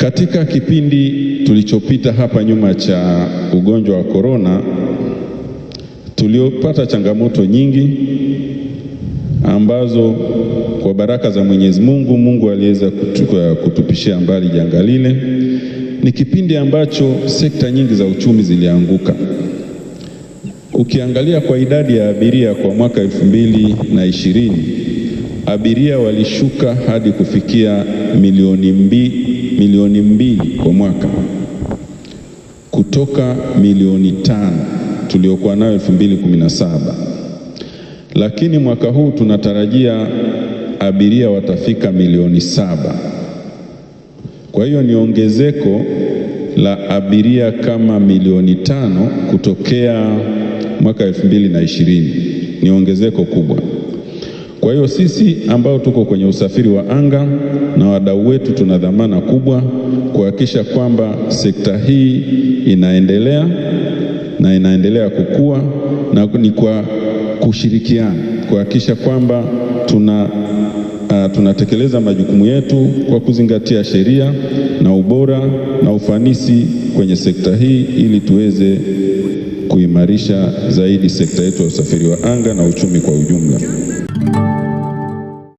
Katika kipindi tulichopita hapa nyuma cha ugonjwa wa korona, tuliopata changamoto nyingi ambazo kwa baraka za Mwenyezi Mungu, Mungu aliweza kutupishia mbali janga lile. Ni kipindi ambacho sekta nyingi za uchumi zilianguka. Ukiangalia kwa idadi ya abiria kwa mwaka elfu mbili na ishirini abiria walishuka hadi kufikia milioni mbili milioni mbili kwa mwaka kutoka milioni tano tuliokuwa nayo 2017, lakini mwaka huu tunatarajia abiria watafika milioni saba. Kwa hiyo ni ongezeko la abiria kama milioni tano kutokea mwaka 2020, ni ongezeko kubwa. Kwa hiyo sisi ambao tuko kwenye usafiri wa anga na wadau wetu, tuna dhamana kubwa kuhakikisha kwamba sekta hii inaendelea na inaendelea kukua, na ni kwa kushirikiana kuhakikisha kwamba tuna uh, tunatekeleza majukumu yetu kwa kuzingatia sheria na ubora na ufanisi kwenye sekta hii ili tuweze kuimarisha zaidi sekta yetu ya usafiri wa anga na uchumi kwa ujumla.